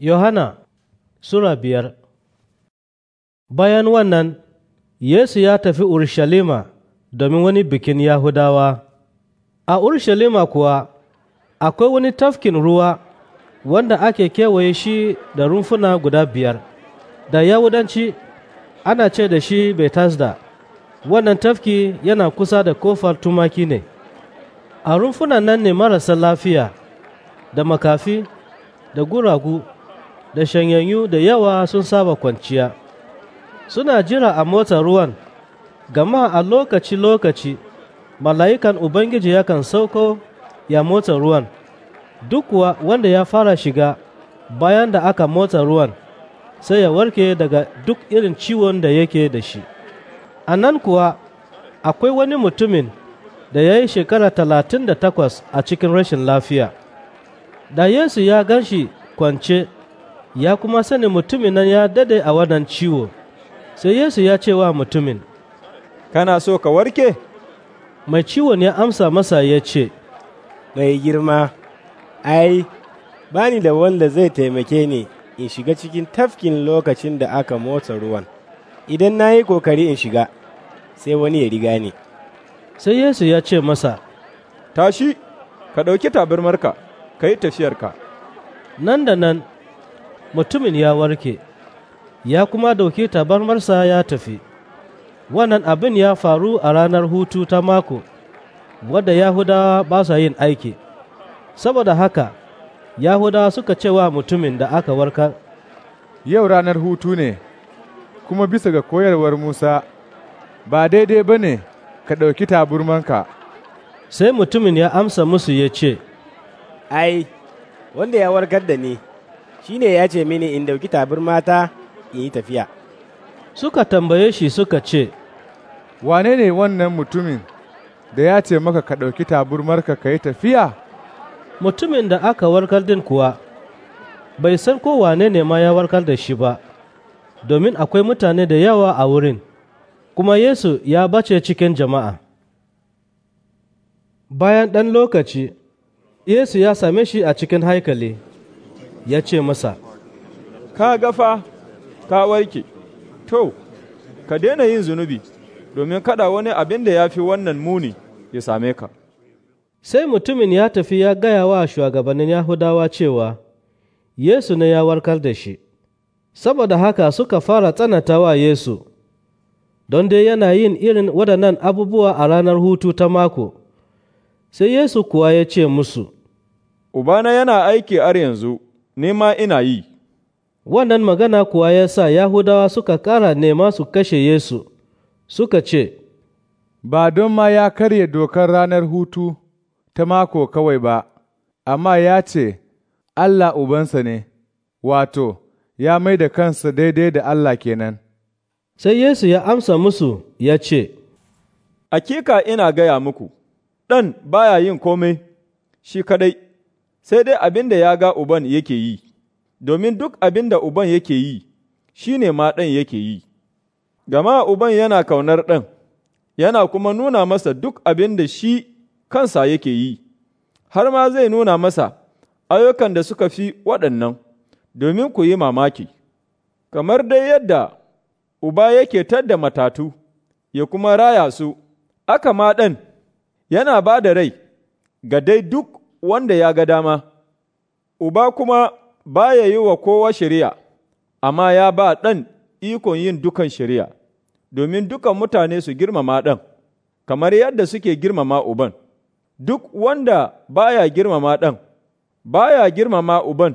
Yohana Sura biyar Bayan wannan, Yesu ya tafi Urshalima domin wani bikin Yahudawa. A Urshalima kuwa, akwai wani tafkin ruwa wanda ake kewaye shi da rumfuna guda biyar. Da Yahudanci, ana ce da shi Betasda, wannan tafki yana kusa da kofar tumaki ne. A rumfunan nan ne marasa lafiya, da makafi, da guragu. da shanyayyu da yawa sun saba kwanciya suna jira a mota ruwan gama a lokaci-lokaci mala'ikan ubangiji yakan sauko ya mota ruwan duk kuwa wanda ya fara shiga bayan da aka mota ruwan sai ya warke daga duk irin ciwon da yake da shi a nan kuwa akwai wani mutumin da ya yi shekara talatin da takwas a cikin rashin lafiya da yesu ya gan shi kwance ya kuma sani mutumin nan ya dade a wannan ciwo sai yesu ya ce wa mutumin kana so ka warke mai ciwon ya amsa masa ya ce mai girma ai bani da wanda zai taimake ni in shiga cikin tafkin lokacin da aka motsa ruwan idan na yi kokari in shiga sai wani ya riga ni sai yesu ya ce masa tashi ka ɗauki tabarmarka ka yi tafiyarka nan da nan mutumin ya warke ya kuma dauki tabarmarsa ya tafi wannan abin ya faru a ranar hutu ta mako wadda yahudawa ba sa yin aiki saboda haka yahudawa suka ce mutumin da aka warkar yau ranar hutu ne kuma bisa ga koyarwar musa ba daidai ba ne ka ɗauki taburmanka sai mutumin ya amsa musu ya ce ai wanda ya warkar da ni shine ya ce mini in dauki mata in yi tafiya suka tambaye shi suka ce wane ne wannan mutumin da ya ce maka ka ɗauki taburmarka ka yi tafiya mutumin da aka warkar din kuwa bai san ko wane ne ma ya warkar da shi ba domin akwai mutane da yawa a wurin kuma yesu ya bace cikin jama'a bayan ɗan lokaci yesu ya same shi a cikin haikali ya ce masa, Ka gafa, ka warke, to, ka daina yin zunubi, domin kada wani abin da ya fi wannan muni ya same ka. Sai mutumin ya tafi ya gaya wa shugabannin Yahudawa cewa, Yesu ne ya warkar da shi, saboda haka suka fara tsanata wa Yesu, don dai yana yin irin waɗannan abubuwa a ranar hutu ta mako. Sai Yesu kuwa ya ce musu, Ubana yana aiki har yanzu. nema ina yi. Wannan magana kuwa ya sa Yahudawa suka kara nema su kashe Yesu, suka ce, Ba don ma ya karya dokar ranar hutu ta mako kawai ba, amma ya ce, Allah Ubansa ne, wato, ya mai da kansa daidai da Allah kenan. Sai Yesu ya amsa musu ya ce, Akika ina gaya muku, ɗan baya yin komai, shi kaɗai. sai dai abin da ya ga uban yake yi, domin duk abin da uban yake yi, shi ne ma ɗan yake yi. Gama uban yana kaunar ɗan, yana kuma nuna masa duk abin da shi kansa yake yi, har ma zai nuna masa ayyukan da suka fi waɗannan, domin ku yi mamaki, kamar dai yadda uba yake tadda matatu, ya kuma raya su, aka ma ɗan yana ba da rai ga dai duk wanda ya ga dama, Uba kuma ba ya yi wa kowa shari'a, amma ya ba ɗan ikon yin dukan shari'a, domin dukan mutane su girmama ɗan, kamar yadda suke girmama Uban. Duk wanda ba ya girmama ɗan, ba ya girmama Uban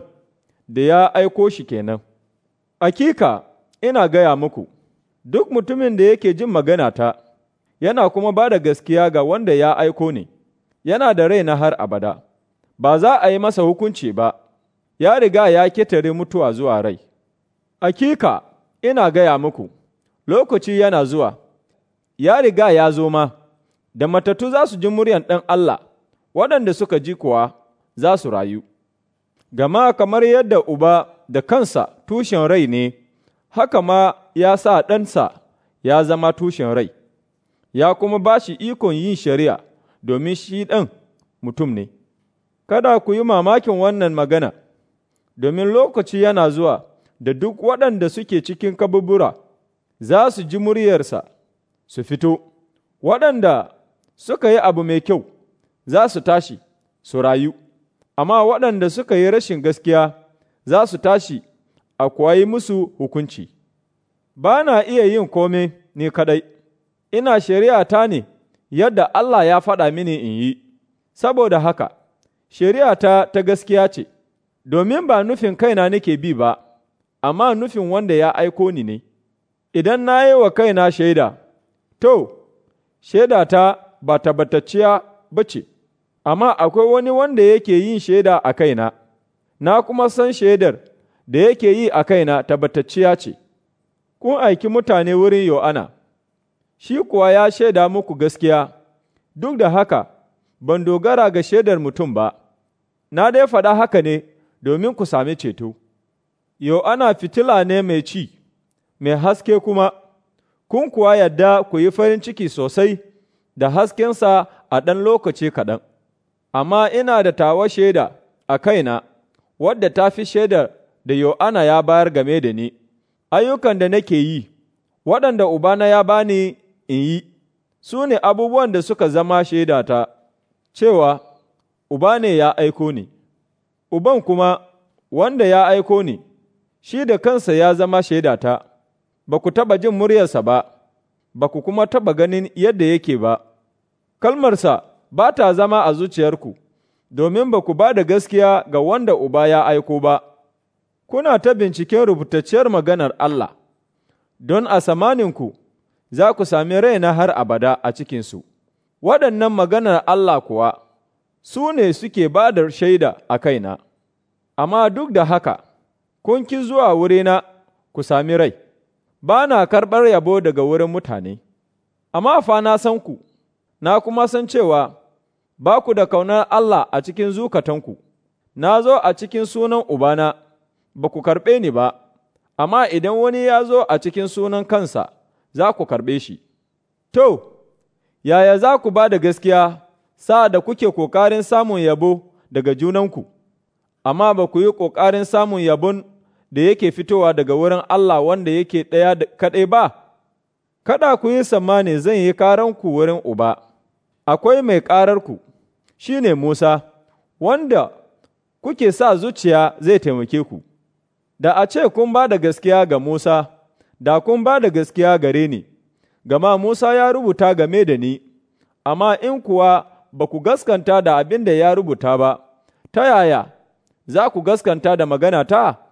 da ya aiko shi kenan. Akika, ina gaya muku, duk mutumin da yake jin magana ta yana kuma ba da gaskiya ga wanda ya aiko ne, yana da rai na har abada. ba za a yi masa hukunci ba, ya riga ya ketare mutuwa zuwa rai. Akika, ina gaya muku, lokaci yana zuwa, ya riga ya zo ma, da matattu za su ji muryan ɗan Allah, waɗanda suka ji kuwa za su rayu. Gama kamar yadda Uba da kansa tushen rai ne, haka ma ya sa ɗansa ya zama tushen rai, ya kuma ba shi ikon yin shari'a domin shi ɗan mutum ne. kada ku yi mamakin wannan magana, domin lokaci yana zuwa da duk waɗanda suke cikin kabubura za su ji muryarsa su fito, waɗanda suka yi abu mai kyau za su tashi su rayu, amma waɗanda suka yi rashin gaskiya za su tashi a kwayi musu hukunci. Ba na iya yin kome ni kadai ina shari'a ta ne yadda Allah ya faɗa mini in yi, saboda haka. shari'a ta ta gaskiya ce, domin ba nufin kaina nake bi ba, amma nufin wanda ya aiko ni ne, idan na yi wa kaina shaida, to, shaida ta ba tabbatacciya ba ce, amma akwai wani wanda yake yin shaida a kaina, na kuma san shaidar da yake yi a kaina tabbatacciya ce, kun aiki mutane wurin Yo'ana, shi kuwa ya shaida muku gaskiya, duk da haka ban dogara ga shaidar mutum ba. na dai faɗa haka ne domin ku sami ceto, yau ana fitila ne mai ci, mai haske kuma, kun kuwa yadda ku yi farin ciki sosai da haskensa a ɗan lokaci kaɗan, amma ina da tawa shaida a kaina, wadda ta fi shaidar da Yohana ya bayar game da ni, ayyukan da nake yi, waɗanda Ubana ya bani in yi, su ne abubuwan da suka zama shaidata, cewa Uba ne ya aiko ni, Uban kuma wanda ya aiko ni, shi da kansa ya zama shaidata, ba ku taɓa jin muryarsa ba, ba ku kuma taɓa ganin yadda yake ba, kalmarsa ba ta zama a zuciyarku, domin ba ku ba da gaskiya ga wanda Uba ya aiko ba, kuna ta binciken rubutacciyar maganar Allah, don a samaninku za ku sami raina har abada a cikinsu, waɗannan maganar Allah kuwa. su ne suke ba da shaida a kaina, amma duk da haka, kun ki zuwa wurina ku sami rai, ba na karɓar yabo daga wurin mutane, amma fa na san ku, na kuma san cewa ba ku da kaunar Allah a cikin zukatanku, na zo a cikin sunan Ubana, ba ku karɓe ni ba, amma idan wani ya zo a cikin sunan kansa, za ku karɓe shi. To, yaya za ku ba da gaskiya sa'ad da kuke ƙoƙarin samun yabo daga junanku, amma ba ku yi ƙoƙarin samun yabon da yake fitowa daga wurin Allah wanda yake ɗaya kaɗai ba, kada ku yi tsammani zan yi karanku wurin Uba, akwai mai ƙararku, shi ne Musa, wanda kuke sa zuciya zai taimake ku, da a ce kun ba da gaskiya ga Musa, da kun ba da gaskiya gare ni, gama Musa ya rubuta game da ni, amma in kuwa ba ku gaskanta da abin da ya rubuta ba, ta yaya za ku gaskanta da magana ta?